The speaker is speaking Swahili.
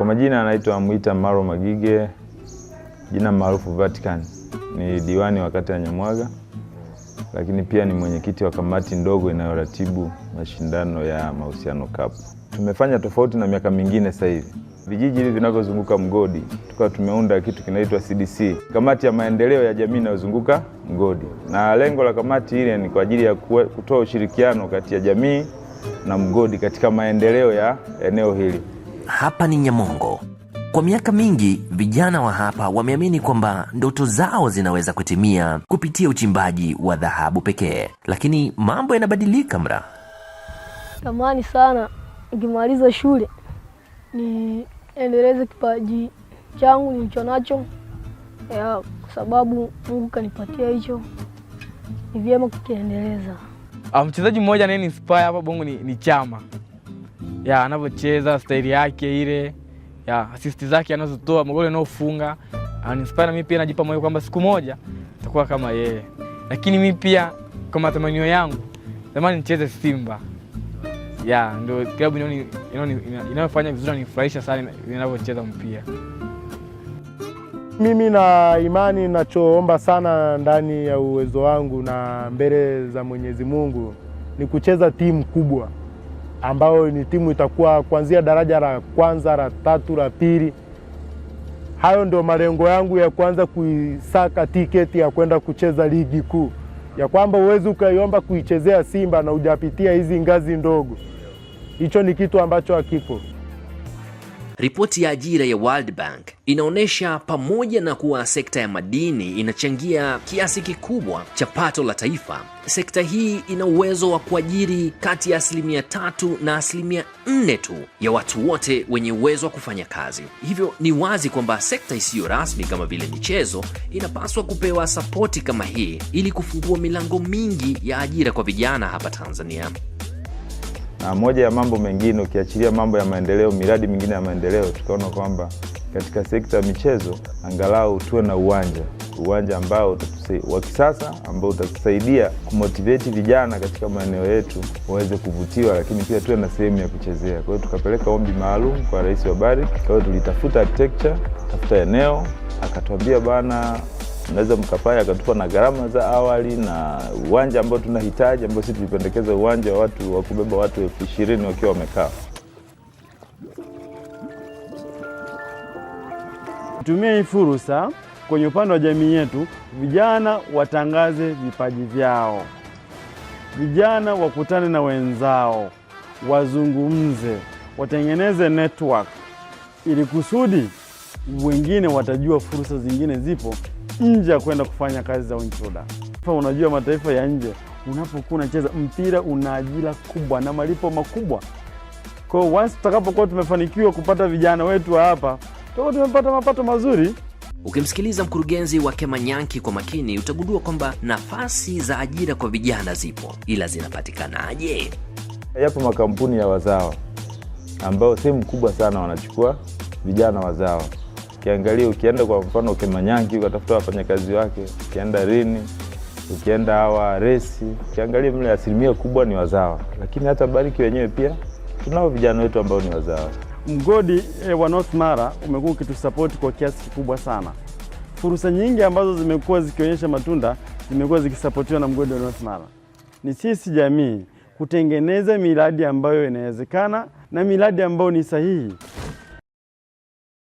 Kwa majina anaitwa Mwita Maro Magige, jina maarufu Vatican. Ni diwani wa kata ya Nyamwaga, lakini pia ni mwenyekiti wa kamati ndogo inayoratibu mashindano ya Mahusiano Cup. Tumefanya tofauti na miaka mingine sasa hivi vijiji hivi vinavyozunguka mgodi tukawa tumeunda kitu kinaitwa CDC, kamati ya maendeleo ya jamii inayozunguka mgodi, na lengo la kamati ile ni kwa ajili ya kutoa ushirikiano kati ya jamii na mgodi katika maendeleo ya eneo hili hapa ni Nyamongo. Kwa miaka mingi vijana wa hapa wameamini kwamba ndoto zao zinaweza kutimia kupitia uchimbaji wa dhahabu pekee, lakini mambo yanabadilika. Mra tamani sana nikimaliza shule niendeleze kipaji changu nilicho nacho, kwa sababu Mungu kanipatia hicho, ni vyema kukiendeleza. Ah, mchezaji mmoja naye inspire hapa Bongo ni, ni Chama ya anavyocheza staili yake ile ya asisti zake anazotoa magoli anaofunga anainspire ah, mimi pia najipa moyo kwamba siku moja nitakuwa kama yeye. Lakini mimi pia kwa matamanio yangu zamani nicheze Simba. Ya ndio klabu inayofanya vizuri nanifurahisha sana inavyocheza mpira. Mimi na imani nachoomba sana ndani ya uwezo wangu na mbele za Mwenyezi Mungu ni kucheza timu kubwa ambayo ni timu itakuwa kuanzia daraja la kwanza, la tatu, la pili. Hayo ndio malengo yangu ya kwanza, kuisaka tiketi ya kwenda kucheza ligi kuu, ya kwamba huwezi ukaiomba kuichezea Simba na hujapitia hizi ngazi ndogo. Hicho ni kitu ambacho hakipo. Ripoti ya ajira ya World Bank inaonyesha pamoja na kuwa sekta ya madini inachangia kiasi kikubwa cha pato la taifa, sekta hii ina uwezo wa kuajiri kati ya asilimia tatu na asilimia nne tu ya watu wote wenye uwezo wa kufanya kazi. Hivyo ni wazi kwamba sekta isiyo rasmi kama vile michezo inapaswa kupewa sapoti kama hii ili kufungua milango mingi ya ajira kwa vijana hapa Tanzania. Na moja ya mambo mengine, ukiachilia mambo ya maendeleo, miradi mingine ya maendeleo, tukaona kwamba katika sekta ya michezo angalau tuwe na uwanja uwanja ambao wa kisasa ambao utatusaidia kumotiveti vijana katika maeneo yetu waweze kuvutiwa, lakini pia tuwe na sehemu ya kuchezea. Kwa hiyo tukapeleka ombi maalum kwa rais wa Barrick. Kwa hiyo tulitafuta architecture, tafuta eneo, akatuambia bana mnaweza mkafanya akatupa na gharama za awali na uwanja ambao tunahitaji, ambao sisi tulipendekeza uwanja wa watu wa kubeba watu elfu ishirini wakiwa wamekaa. Tumia hii fursa kwenye upande wa jamii yetu, vijana watangaze vipaji vyao, vijana wakutane na wenzao, wazungumze, watengeneze network, ili kusudi wengine watajua fursa zingine zipo nje ya kwenda kufanya kazi za Kwa Unajua, mataifa ya nje unapokuwa unacheza mpira una ajira kubwa na malipo makubwa. Kwa hiyo once tutakapokuwa tumefanikiwa kupata vijana wetu wa hapa, tutakuwa tumepata mapato mazuri. Ukimsikiliza mkurugenzi wa Kemanyanki kwa makini, utagundua kwamba nafasi za ajira kwa vijana zipo, ila zinapatikanaje? Yapo makampuni ya wazawa ambayo sehemu kubwa sana wanachukua vijana wazawa Ukiangalia, ukienda kwa mfano Kimanyangi ukatafuta wafanyakazi wake, ukienda Rini, ukienda hawa Resi, ukiangalia mle asilimia kubwa ni wazawa, lakini hata Bariki wenyewe pia tunao vijana wetu ambao ni wazawa. Mgodi eh, wa North Mara umekuwa ukitusapoti kwa kiasi kikubwa sana. Fursa nyingi ambazo zimekuwa zikionyesha matunda zimekuwa zikisapotiwa na mgodi wa North Mara. Ni sisi jamii kutengeneza miradi ambayo inawezekana na miradi ambayo ni sahihi.